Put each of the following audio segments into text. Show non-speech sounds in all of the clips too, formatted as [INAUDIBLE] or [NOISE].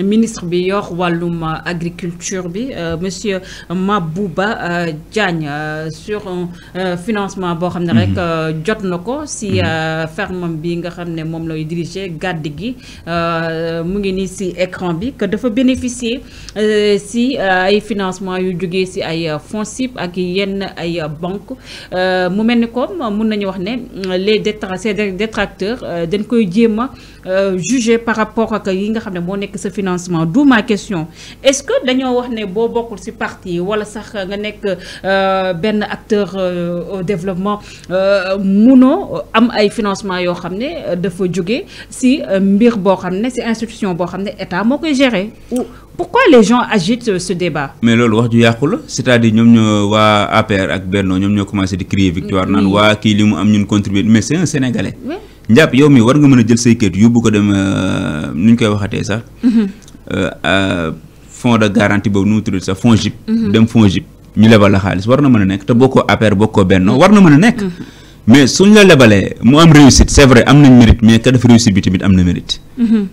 ministre bi yor euh, agriculture bi euh, monsieur Mabouba euh, Diagne sur financement bo xam rek mhm. jot nako si mhm. ferme bi nga xam mom lay diriger gàdd gi mu ngi si écran bi que dafa bénéficier si ay financement yu jógee si ay FONSIP ak yenn ay banque mu melni comme mun nañ wax né les détracteurs dañ koy djema moi euh, jugé par rapport ak yi nga xam ne moo ce financement d'où ma question est-ce que dañoo wax ne boo bokkul ci parti ou sax nga nekk euh, benn acteur euh, au développement munoo am ay financement yo xamné ne dafa jóge si mbir bo xamné ne ci institution bo xamné état moo koy pourquoi les gens agitent ce débat mais loolu wax du yakul c'est-à-dire ñom ñoo wa APR ak Benno ñom ñoo commencé di crier victoire nan wa ki limu am ñun contribuer mais c'est un sénégalais njàpp yow mi war nga mën a jël say kayit yóbbu ko dem euh, nu ñu koy waxatee sax. Mm-hmm. Euh, fonds de garantie boobu nu mu tudd sax fonds jib. Mm-hmm. dem fonds jib ñu lebal la xaalis war na mën a nekk te boo ko affaire boo ko benn war na mën a nekk. Mm-hmm. mais suñ la lebalee mu am réussite c' est vrai am nañ mérite mais ka def réussite bi tamit am na mérite.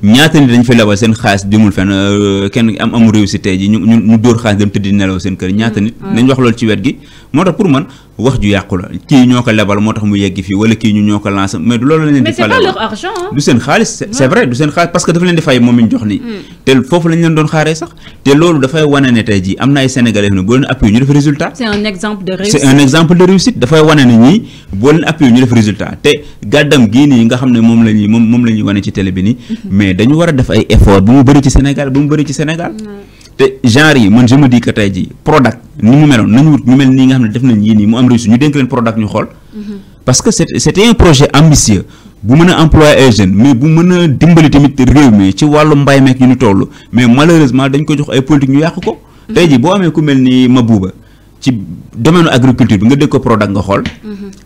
ñaata nit dañ fi lebal seen xaalis dimul fenn euh, kenn am amu réussite tey ji ñu ñu dóor xaalis dem tëddi nelaw seen kër ñaata nit. wax ju yàqu la kii ñoo ko lebal moo mu yegg fi wala ki ñu ñoko ko mais du loolu la leen di fale mais c'est pas leur argent hein. du sen xaliss c'est vrai du sen xaliss parce que dafa leen di fay moom jox ni hmm. té fofu lañ leen doon xaaree sax té loolu dafay wané né tay ji amna ay sénégalais ñu bo leen appuyé ñu def résultat c'est un exemple de réussite c'est un exemple de réussite dafay wané né ñi bo leen appuyé ñu def résultat té gadam gi ni nga xamné mom moom mom ñuy moom moom ci télé bi ni hmm. mais dañu wara def ay effort bu mu bari ci Sénégal bu mu bari ci Sénégal hmm. te genre yi man je me dis que tey jii ni mu meloon nañu wut ñu mel nii nga xam ne def nañ yii nii mu am réussite ñu dénk leen Prodac ñu xool. Mm-hmm. parce que c' un projet ambitieux bu mën a employé ay jeunes mais bu mën a dimbali tamit réew mi ci wàllu mbay meek ñu ni toll mais malheureusement dañ ko jox ay politique ñu yàq ko. Mm-hmm. tey jii boo amee ku mel ni buuba ci domaine agriculture bi nga dégg ko Prodac nga xool.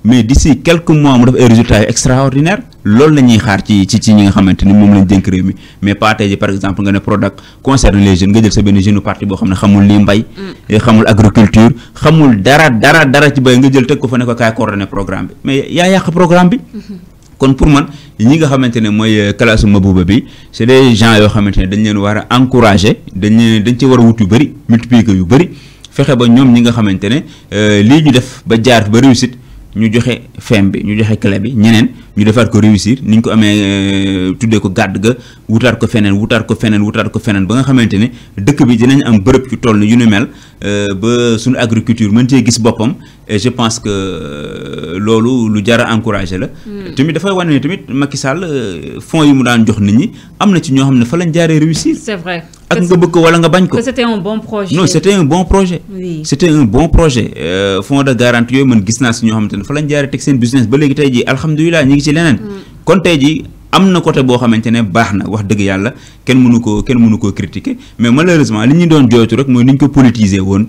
mais d'ici quelques mois mu def ay résultats extraordinaire loolu la ñuy xaar ci ci ci ñi nga xamante ni moom lañ dénk mi mais pas ji par exemple nga ne Prodac concerne les jeunes nga jël sa benn jeune parti boo xam ne xamul lii mbay. Mm. xamul agriculture xamul dara dara dara ci bay nga jël teg ko fa ne ko kaay coordonné programme bi mais yaa yàq programme bi. Mm-hmm. kon pour man ñi nga xamante ne mooy euh, classe Mabouba bi c'est des gens yoo xamante ne dañ leen war a encourager dañ dañ ci war wut yu bëri multiplier yu bëri. fexe ba ñoom ñi nga xamante ne euh, lii ñu def ba jaar ba réussite ñu joxe fem bi ñu joxe clé bi ñeneen ñu defaat ko réussir ni ñu ko amee euh, tuddee ko gàdd ga wutaat ko feneen wutaat ko feneen wutaat ko feneen ba nga xamante ne dëkk bi dinañ am bërëb ci toll ni yu ni mel euh, ba suñu agriculture mën cee gis boppam et je pense que euh, lolu lu jar encourager encouragé la. Hmm. tamit dafay wane ne tamit Macky Sall euh, fonds yi mu daan jox nit ñi amna ci ño xamne ne fa lañ jaaree réussir. c'est vrai ak nga bëkk wala nga bañ ko. c'était un bon projet. non c'était un bon projet. oui c'était un bon projet euh, fonds de garantie yooyu man gis na ci ño xamne ne fa lañ jaaree tek seen business ba légui tay ji alhamdoulillah ñi ngi ci leneen. Hmm. kon tay ji amna côté bo xamante ne na wax dëgg yalla kenn mënu ko kenn mënu ko critiquer mais malheureusement li ñi doon jottu rek moy ni ñu ko politiser woon.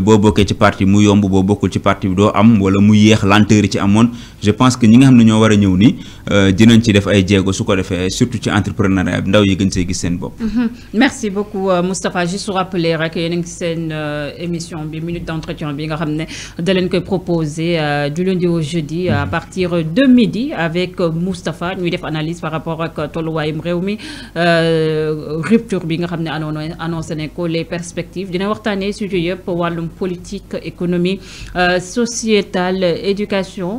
boo bokkee ci parti mu yomb boo bokkul ci parti doo am wala mu yéex lenteur ci amoon je pense que ñi nga xam ne ñoo ñëw ni euh, dinañ ci def ay djégo suko ko surtout ci entrepreneuriat ndaw yi gën see gis seen bopp. Mhm. merci beaucoup euh, Mustapha juste rappeler rek yéen a ngi euh, émission bi minute d'entretien bi nga xamné ne da leen koy proposer du lundi au jeudi à mhm. partir de midi avec Mustapha. ñuy def analyse par rapport ak wayum réew euh rupture bi nga xamné ne annoncé nañ ko les perspectives dina waxtané sujet yépp walum politique économie sociétale éducation.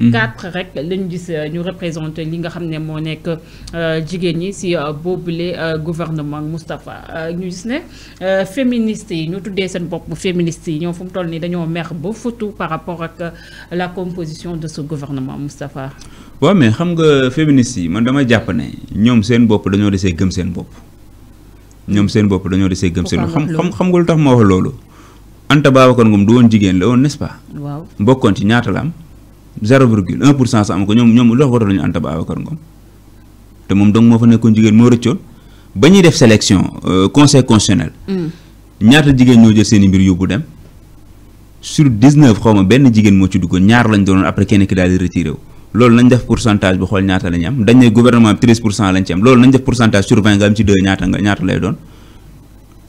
Mhm. quatre rek lañ gis euh, ñu représenter li nga xam ne nek nekk euh, jigéen ñi si euh, boobule gouvernement Mustapha ñu gis né féministe yi ñu tuddee seen bop féministe yi ñoom fu mu toll ni dañoo mer bu futu par rapport ak la composition de ce gouvernement Mustapha wa mais xam nga féministe yi man dama japp né ñom seen bop dañoo déssé gëm seen bop ñom seen bop dañoo déssé gëm seen xam xam nga lutax mo wax loolu Anta Babacar ngum du won jigéen la on n'est-ce pas. waaw bokkoon ci ñaata l'am 0,1% virgule am ko ñom ñom lu tax woteel ñu Anta ba Ngom te mom donc moo fa nekkoon jigen mo rëccoon ba ñuy def sélection euh, conseil constitutionnel. Mm. ñaata jigen ñoo jël seen mbir yóbbu dem sur 19 neuf ben jigen mo ci duggoon ñaar lañ doon après kenn ki dal di retiré wu. loolu nañ def pourcentage bi xol ñaata lañ am dañ ne gouvernement bi lañ ci am loolu nañ def pourcentage sur 20 nga ci deux ñaata nga ñaata lay doon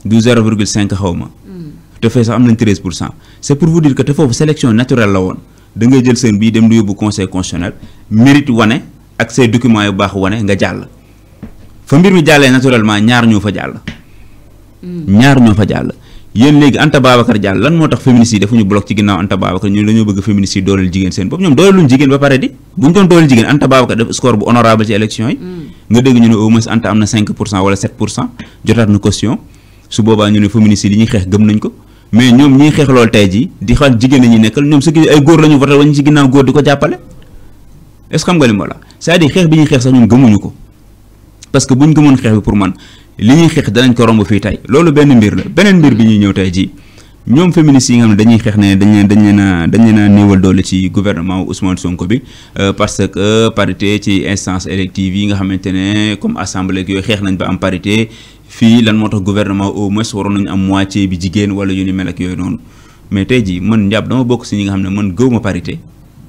du zéro virgule cinq mm. te fee sax am nañ 13% c'est pour vous dire que te fofu sélection naturelle la won da ngay jël seen bii dem lu yóbbu conseil constitutionnel mérite wane ak say documents yu baax wane nga jàll fa mbir mi jàllee naturellement ñaar ñoo fa jàll. Hmm. ñaar ñoo fa jàll. yéen léegi Anta Babacar Diallo lan moo tax féministes yi defuñu bloc ci ginnaaw Anta Babacar ñun dañoo bëgg féministes yi jigéen seen bopp ñoom dooleeluñ jigéen ba pare di bu doon dooleel jigéen Anta Babacar def score bu honorable ci élection yi. Hmm. nga dégg ñu ne au moins Anta am na ko. mais ñoom ñiy xeex loolu tey jii di xal jigéen ñi nekkal ñoom si ay góor la ñu voté wañu si ginnaaw góor di ko jàppale est ce que xam nga li ma la cest à xeex bi ñuy xeex sax ñun gëmuñu ko parce que bu buñ gëmoon xeex bi pour man li ñuy xeex danañ ko romb fii tey loolu benn mbir la beneen mbir bi ñuy ñëw tey jii ñoom féministes yi nga xam ne dañuy xeex ne dañ leen dañ leen a dañ leen a néewal doole ci gouvernement Ousmane Sonko bi euh, parce que parité ci instance élective yi nga xamante ne comme assemblée yooyu xeex nañ ba am parité fii lan moo tax gouvernement au moins waroon nañu am moitié bi jigéen wala yu ni mel ak yooyu noonu mais tey jii man njàpp dama bokk si ñi nga xam ne man gëw ma parité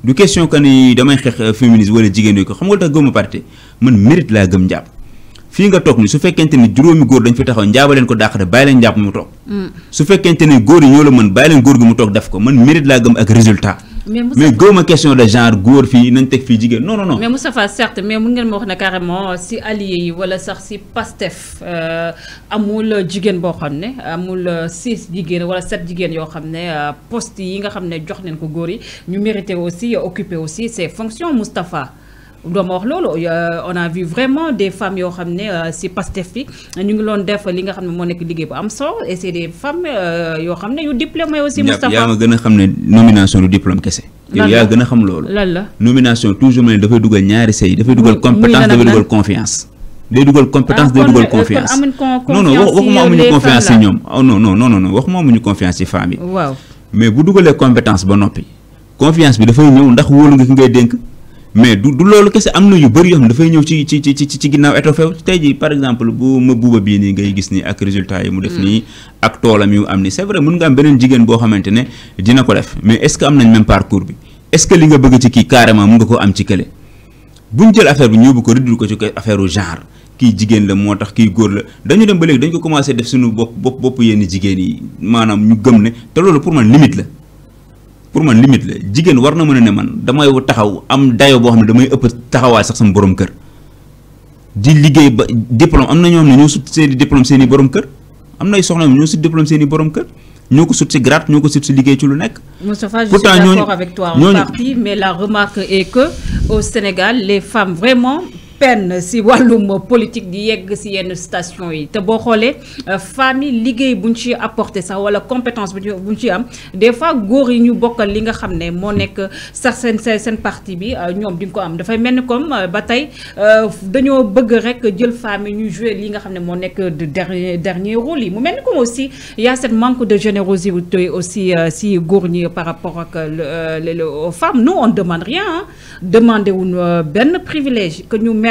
du question que ni damay xeex euh, féminisme wala jigéen ko xam nga tax gëw ma parité man mérite laa gëm njàpp fii nga toog ni su fekkente ni juróomi góor dañ fi taxaw njaaba leen ko dàqate bàyyi leen njàpp mu toog mm. su fekkente ni góor yi ñoo la mën bàyyi leen góor gi mu toog def ko man mérite laa gëm ak résultat mais mais question de genre non non non. mais Moustapha certes mais carrément si allié yi wala sax si Pastef euh, amul jigéen bo amul six jigen wala sept yo euh, poste yi nga jox aussi occuper aussi ces fonctions Moustapha. Euh, on a vu vraiment des femmes qui ont ramené ces Pastef Nous ñu ngi des femmes qui euh, ont yu aussi a nomination diplôme il a xam nomination toujours même ñaari sey compétence confiance day compétence ah, non non mais bu y confiance mais du du loolu kese am na yu bëri yoo xam dafay ñëw ci ci ci ci ginnaaw étoffew tey jii par exemple bu ma buuba bii nii ngay gis nii ak résultat yi mu def mm. nii ak toolam yu am ni c'est vrai mën nga am beneen jigéen boo xamante ne dina ko def mais est-ce que am nañ même parcours bi est-ce que li nga bëgg ci kii carrément mën nga ko am ci kële buñ jël affaire bi ñëw bu ko riddul ko ci affaire u genre kii jigéen la moo tax kii góor la dañu dem ba léegi dañ ko commencé def suñu bopp bopp bopp yenn jigéen yi maanaam ñu gëm ne te loolu pour man limite la pour man limite la jigéen war na mën a ne man damay taxaw am dayo boo xam ne damay ëpp taxawaay sax sama borom kër di liggéey ba diplôme am na ñoo xam ne ñoo sut seen i diplôme seen i borom kër am nay soxna ñoo sut diplôme seen i borom kër ñoo ko sut si grade ñoo ko sut si liggéey ci lu nekk. Moustapha je suis d'accord avec toi en partie mais la remarque est que au Sénégal les femmes vraiment. peine si walum politique di yegg si yenn station yi te bo xolé euh, famille liguey buñ ci apporter sax wala compétence buñ ci am des fois góor yi ñu bokal li nga xamné mo moo nekk sax sen parti bi euh, ñom di nga ko am da fay melni comme euh, bataille dañoo bëgg rek jël famille ñu jouer li nga xamné ne nekk de dernier dernier rôle mu melni comme aussi il y a cette manque de générosité aussi si góor par rapport ak les femmes nous on demande rien hein. demandé une ben privilège que ñu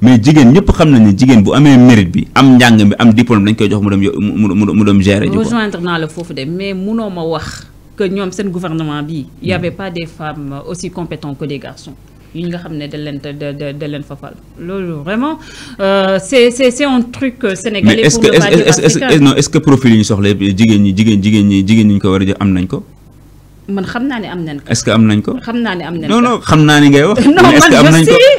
mais jigen ñep xam nañ ni jigen bu amé mérite bi am njàng bi am diplôme dañ koy jox mu dem mu dem gérer. ji rejoindre naa la fofu de mais mëno ma wax que ñom sen gouvernement bi il y mm. avait pas des femmes aussi compétentes que des garçons. yu nga xamné de da de da da leen fa fal loolu vraiment euh, c'est c'est c'est un truc sénégalais. pour ne pas est, africain non est-ce que profil yi ñu soxla jigéen ñi jigen jigen ñi jigen ñu ko wara jox am nañ ko. man xam naa ne am nañ ko. est-ce que am nañ ko. xam naa ne am nañ ko non non xam naa ne ngay wax. [LAUGHS] est-ce non man je sais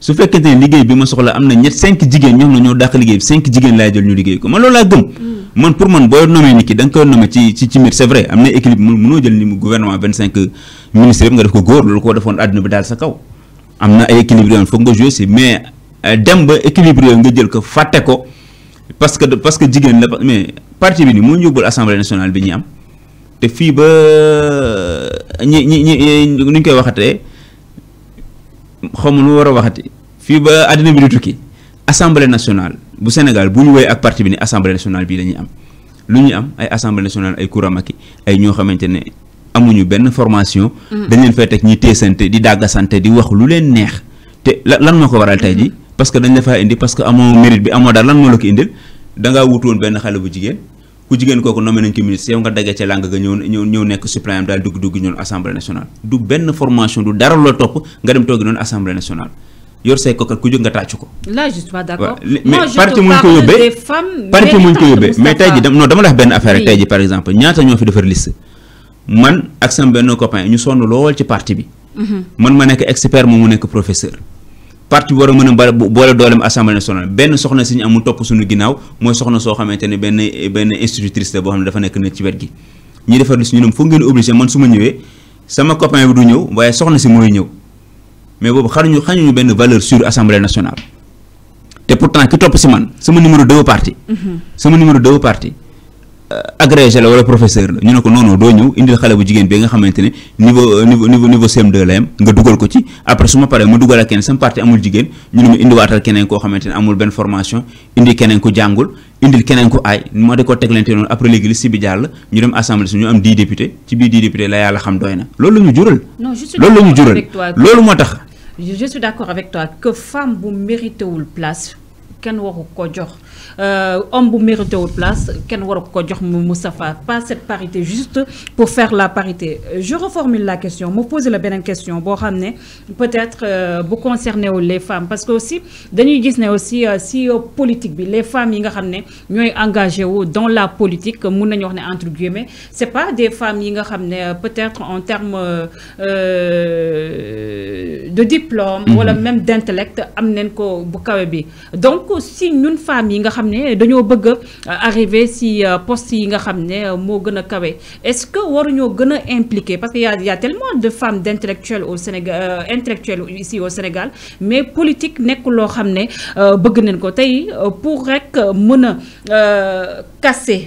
su fekkente ne liggéey bi ma soxla am na ñett cinq jigéen ñoo xam ne ñoo dàq liggéey bi cinq jigéen laa jël ñu liggéey ko man loolu laa gëm mm. man pour man boo nommé nit ki da koy nommé ci ci ci mbir am na équilibre mun mënoo jël ni mu vingt cinq ministres yëpp nga def ko góor loolu ko defoon àdduna bi daal sa kaw am na ay équilibre yoon foog nga joué mais euh, dem ba équilibre yooyu nga jël ko fàtte ko parce que parce que jigéen la mais partie bi ni moo ñu yóbbul assemblée nationale te fii ba ñi ñi ñi ñu koy waxatee xawma nu war a waxati fii ba àddina bi di tukki assemblée nationale bu Sénégal bu ñu woyee ak parti bi ne assemblée nationale bii dañuy am lu ñuy am ay assemblée nationale ay kuramaki ay ñoo xamante ne amuñu benn formation. Mm. dañ leen fay teg ñi teesante di dàggasante di wax lu leen neex te lan moo ko waral tey ji mm. parce que dañ la indi parce que amoo mérite bi amoo dara lan moo la ko indil da ngaa woon benn xale bu jigéen. ku jigéen kooku nommé nañ ko ministre yow nga daggee ca làng ga ñëw ñëw ñëw nekk suppléant daal dugg dugg ñoon assemblée nationale du benn formation du dara loo topp nga dem toogi noonu assemblée nationale yor say kokat ku jóg nga tàcc ko. mais parti muñ ko yóbbee mais tey ji non dama la benn affaire tey ji par exemple ñaata ñoo fi defar liste man ak sama benn copain ñu sonn lool ci parti bi. Mhm. man ma nekk expert moom mu nekk professeur. parti war a mën a ba boole dooleem assemblée nationale benn soxna si ñu amul topp suñu ginnaaw mooy soxna soo xamante ne benn benn institutrice la boo xam ne dafa nekk na ci gi ñuy defar liste ñu ne foog ngeen obligé man su ma ñëwee sama copain bi du ñëw waaye soxna si mooy ñëw mais boobu xaruñu xañuñu benn valeur sur assemblée nationale te pourtant ki topp si man sama numéro deux parti mm-hmm. sama numéro deux parti Euh, agrégé la wala professeur la ñu ne ko non non doo ñëw indil xale bu jigéen bi nga xamante ne niveau euh, niveau niveau niveau CM2 nga dugal ko ci après su ma paree ma dugal ak keneen sama parti amul jigéen ñu ne ma indiwaatal keneen koo xamante ne amul benn formation indi keneen ko jàngul indil keneen ko aay ma da ko teglante noonu après léegi liste bi jàll ñu dem assemblée su ñu am 10 députés ci biir 10 députés la yàlla xam doy na loolu la jural. loolu Euh, homme bu mérité place ken jox pas cette parité juste pour faire la parité je reformule la question me pose la belle question pour ramener peut-être vous euh, concerné les femmes parce que aussi dañuy gis né aussi euh, si politique bi les femmes yi nga engagé wu dans la politique mun wax ne entre guillemets c'est pas des femmes yi nga peut-être en termes de diplôme ou mhm. même d'intellect am ko bu bi donc si ñun femmes nga xam dañoo bëgg euh, arriver si euh, poste yi nga xamné ne euh, gëna kawé est-ce que waruñoo gën impliqué parce qu'il y a tellement de femmes d'intellectuels au Sénégal intellectuelles ici au Sénégal mais politique nek loo xamné bëgg nañ ko tay pour rek mëna a casser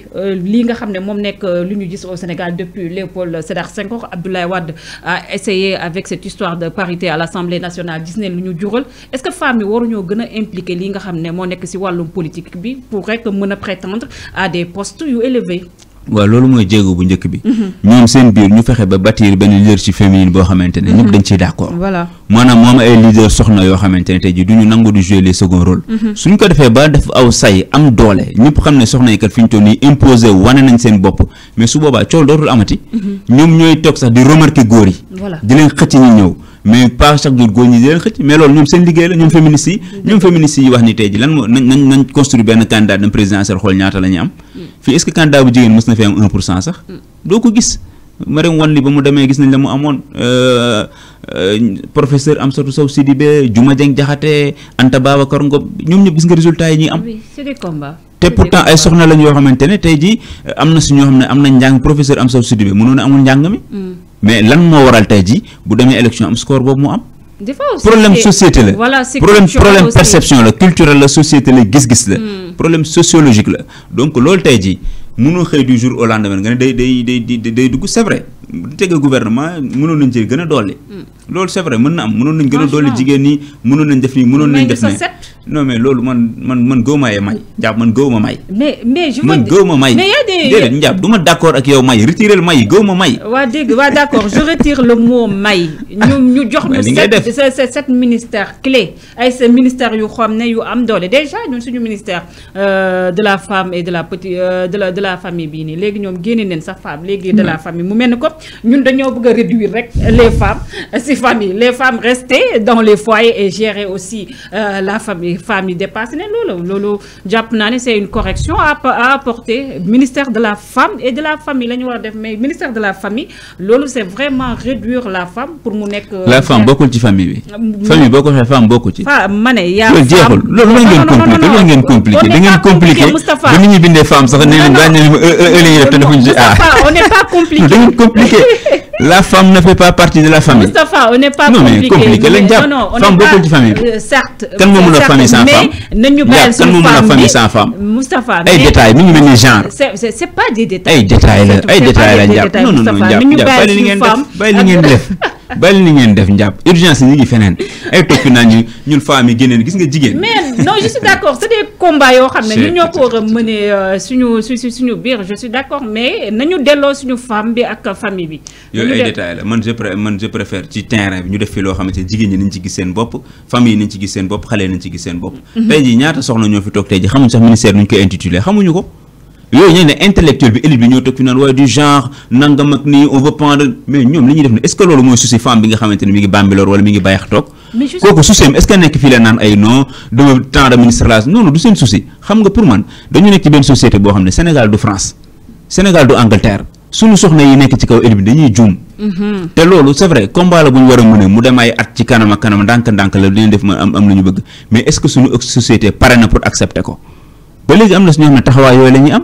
li nga xamné mom nek lu ñu gis au Sénégal depuis Léopold Sédar Senghor Abdoulaye Wade a essayé avec cette histoire de parité à l'Assemblée nationale disney l'union lu ñu jural est-ce que femme yi waruñoo impliqué li nga xamné mo nek ci si politique pourrait bi prétendre à des postes yu élevés. Wa loolu mooy jéego bu njëkk bi. Nous sommes biir ñu faisons bâtir leadership féminine bo ñëpp dañ je suis leader soxna Je ne jouer le second rôle. Mhm. suñ ko defee ba def aw say am doole ñëpp xam ne soxna yi Je suis mais su Je suis amati. Mhm. ñoom nous sax remarquer voilà di mais pas chaque jour góor ñi leen xëcc mais ñoom seen liggéey la ñoom féministes yi mm. ñoom féministes yi wax ni tey ji lan moo nañ nañ nañ construire benn candidat dem présidentiel xool ñaata la ñu am mm. fii est-ce que na fi am mm. doo ko gis Mariam Wane li ba mu demee gis nañ la mu amoon euh, euh, professeur Amsatou Sow Sidibé Juma Dieng Diakhaté Anta Babacar Ngom ñoom ñëpp gis nga résultat yi ñuy am te pourtant ay soxna lañ yoo xamante ne tey ji euh, am na si ñoo xam ne am nañ njàng professeur Amsatou Sidibé mënoon a amul njàng mi mais lan moo waral tey ji bu demee élection am score boobu mu am. problème société la problème problème perception la culturel la société la gis-gis la. Hmm. problème sociologique la donc loolu tey ji mënoo xëy du jour au lendemain nga ne day day day day dugg c'est vrai bu tegee gouvernement mënoon nañ ci gën a doole hmm. loolu c'est mën na am mënoon nañ gën a dolli jigéen ñi mënoon nañ def nii mënoon nañ def ne non mais loolu man man man gëw ma may njaab man gëw may. mais mais je man dire, may. mais y a des déedéet njaab du ma ak yow may retiré may gëw may. Wa dégg wa d'accord. je retire le mot may. ñu ñu jox ñu. c'est sept ministères clés ay ces ministères yu xamné yu am doole déjà ñun suñu ministère euh, de la femme et de la petite euh, de la de la famille bi ni légui ñom génne neen sa femme légui de la hmm. famille mu melni ko ñun dañoo bëgg réduire rek les femmes ces famille les femmes rester dans les foyers et gérer aussi euh, la famille famille femmes yi Lolo, ne loolu loolu c'est une correction à apporter ministère de la femme et de la famille la ñu def mais ministère de la famille Lolo, c'est vraiment réduire la femme pour mu nek, euh, la femme bokkul ci famille bi. Euh, famille boo ko waxee femme bokku ci. ah ma ne yaa loolu jeexul loolu la ngeen compliqué loolu ngeen compliqué da ngeen compliqué ba ni ñuy bindee femme sax nee nañ bàyyi nañ ma ëllëg def te defuñu ci ah. on n'est pas compliqué [LAUGHS] da ngeen compliqué. [LAUGHS] la femme ne fait pas partie de la famille. Moustapha, on n'est pas non, compliqué. compliqué. non, non, on femme beaucoup de famille. Euh, certes, quel la famille sans femme la famille sans femme Moustapha, mais... détails, C'est pas des détails. détails, détails, non, Non, non, non, [LAUGHS] bàyyi ni ngeen def njàpp urgence ñu ngi feneen ay tokki naa ñu ñun femmes yi génneen gis nga jigéen. mais non je suis ne ñun ñoo ko war a mënee euh, su suñu biir je suis d' accord mais nañu delloo suñu femme bi ak famille bi. yooyu ay détails la man je pré man je préfère ci terrain bi ñu def fi loo xamante ne jigéen ñi nañ ci gis seen bopp famille nañ ci gis seen bopp xale nañ ci gis seen bopp. Mhm. tey jii ñaata soxna ñoo fi toog tey ji xamuñ sax ministère nuñ koy intitulé xamuñu ko. yooyu ñoo ne intellectuel bi élite bi ñoo toog fi naan waaye du genre nangam ak nii on veut prendre mais ñoom li ñuy def ne est ce que loolu mooy souci femme bi nga xamante ne mi ngi Bambilor wala mi ngi Bayax toog kooku souci am est ce que nekk fii la naan ay non dama temps de ministre la non non du seen nga pour man dañu nekk ci kaw élite bi dañuy juum mm-hmm. te loolu c' vrai combat la bu war a mën a mu dem at ci kanam ak ndànk-ndànk la am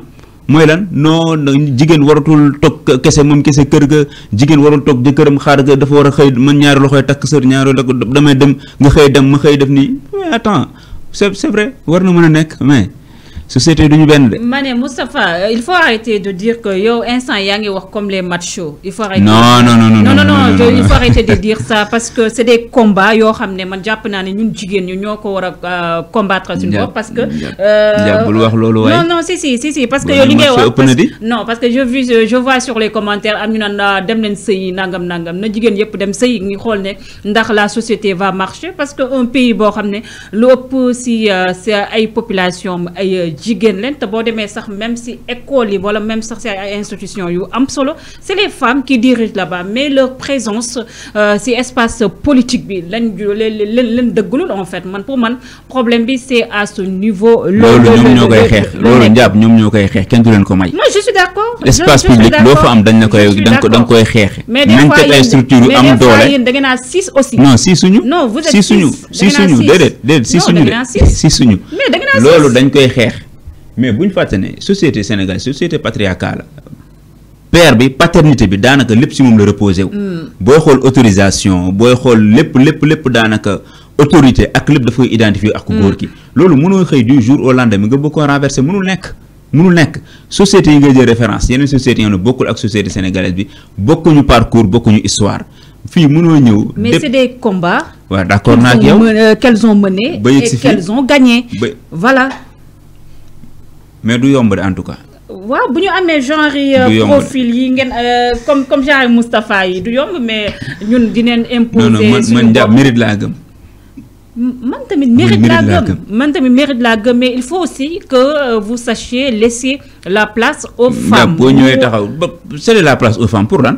mooy lan non jigéen waratul toog kese moom kese kër ga jigéen warul toog jëkkëram xaar ga dafa war a xëy man ñaari loxoy takk sër ñaari loxo damay dem nga xëy dem ma xëy def nii mais attends c'est c'est vrai war na mën a nekk mais société du ñu mané de. Moustapha euh, il faut arrêter de dire que yo instant yaa ngi wax comme les matchs il faut arrêter non non non non non non il faut arrêter de [LAUGHS] dire ça parce que c'est des combats yo xam man jàpp naa ne ñun jigéen ñu ñoo euh, combattre une fois parce que. Euh, non non si si si si parce que yo ligue non parce que je je vois sur les commentaires am ñu naan ah, dem nangam nangam na jigen yep dem sëyi ngi xool ne ndax la société va marcher parce que un pays bo xam l'opposition lu ëpp si ay population ay jigéen len te bo démé sax même si école yi wala même sax si ay institutions yu am solo c'est les femmes qui dirigent là-bas mais leur présence euh, si espace politique bi lañ leen leen en fait man pour man problème bi c'est à ce niveau. lolu ñoom ñoo koy xeex loolu njàpp ñoom ñoo koy xeex du len ko may. moi je suis d'accord espace public loo fa am dañ la koy da nga koy xeex. mais des fois yéen ay structures am doole yéen da ngeen a six aussi. non 6 suñu. non vous êtes 6 suñu 6 suñu déedéet déedéet six suñu de six suñu. lolu dañ koy xeex mais bu fatané société sénégalaise société patriarcale père bi paternité bi danaka lepp ci moom le reposé wu. Hmm. booy xool autorisation booy xol lepp lepp lepp danaka autorité ak lepp daf koy identifier ak hmm. góor ki loolu mënoo xey du jour au lendemain nga bëgg renverser mënul nek mënul nek société yi nga jël référence yeneen société yi bokul ak société sénégalaise bi ñu parcours ñu histoire fi mënoo ñëw. mais c'est des combats. d'accord nak yow euh, qu'elles ont mené et qu'elles ont gagné. voilà mais du yomb en tout cas. waaw buñu amé genre euh, profil yi ngeen euh, comme comme genre Mustapha yi du yomb mais ñun dineen imposer. non non man man mérite la gëm. man tamit mérite la gëm man tamit mérite la gëm mais il faut aussi que euh, vous sachiez laisser la place aux femmes. bo ñoy taxaw ba c'est la place aux femmes pour lan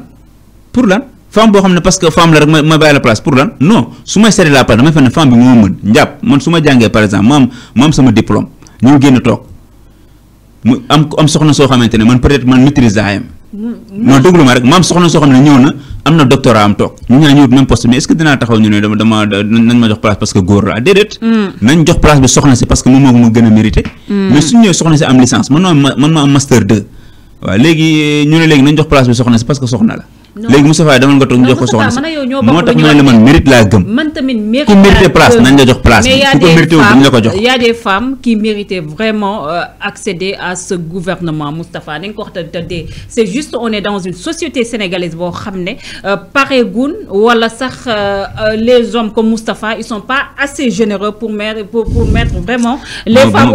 pour lan. femme bo xamné parce que femme la rek ma baye la place pour lan non suma may la place dama fa ne femme bi moo mën ndiap man suma jangé par exemple ma am sama diplôme ñu génn toog. mu am am soxna soo xamante ne man peut-être man maîtrise daa yem. Mm-hmm. non ma rek ma am soxna soo xam ne ñëw na am na doctorat am toog. ñu ñaa ñëwut même poste mais est que dinaa taxaw ñu ne dama dama nañ ma jox place parce que góor laa déedéet. Mm. nañ jox place bi soxna si parce que moom moo gën a mérité. Mm. mais suñu ñëwee soxna si am licence man ma am master 2. waaw léegi ñu ne léegi nañ jox place bi soxna si parce que soxna la. il y a des femmes qui méritaient vraiment euh, accéder à ce gouvernement Mustafa. c'est juste on est dans une société sénégalaise euh, Par euh, les hommes comme Moustapha ils sont pas assez généreux pour mettre mettre vraiment les femmes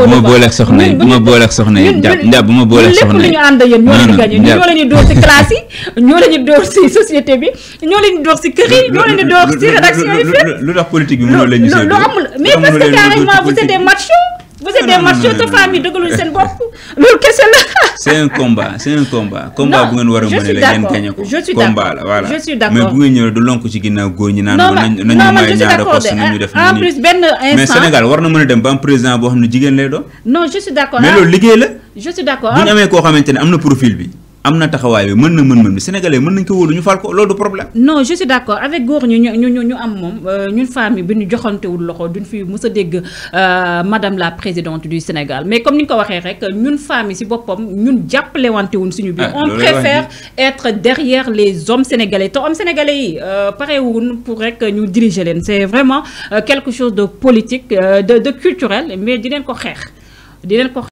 au door si société bi ñoo leen di ci si kër yi ñoo leen di door rédaction yi fépp lu politique bi mënoo leen ñu seetlu amul mais parce que carrément vous êtes des machos vous êtes des machos te femmes yi dëggaluñ seen bopp [LAUGHS] loolu kese la c'est un combat c'est un combat combat bu ngeen war a mën la ngeen gañe ko je suis combat la voilà je suis d'accord mais bu ngeen ñëw du lonk ci ginnaaw góor ñi naan nañu may ko poste nañu def en plus benn instant mais Sénégal war na mën a dem ba am président boo xam ne jigéen lay doon non je suis d'accord mais ah. loolu liggéey la je suis d'accord bu ñu amee koo xamante ne am na profil bi sénégalais non je suis d'accord. avec Gour, nous ñu euh, une femme bi ñu euh, madame la présidente du Sénégal mais comme nous ko waxé rek ñun femme ci si ñun suñu ah, on préfère être derrière les hommes sénégalais to hommes sénégalais yi euh, paré nous pour rek diriger C'est vraiment quelque chose de politique de culturel mais di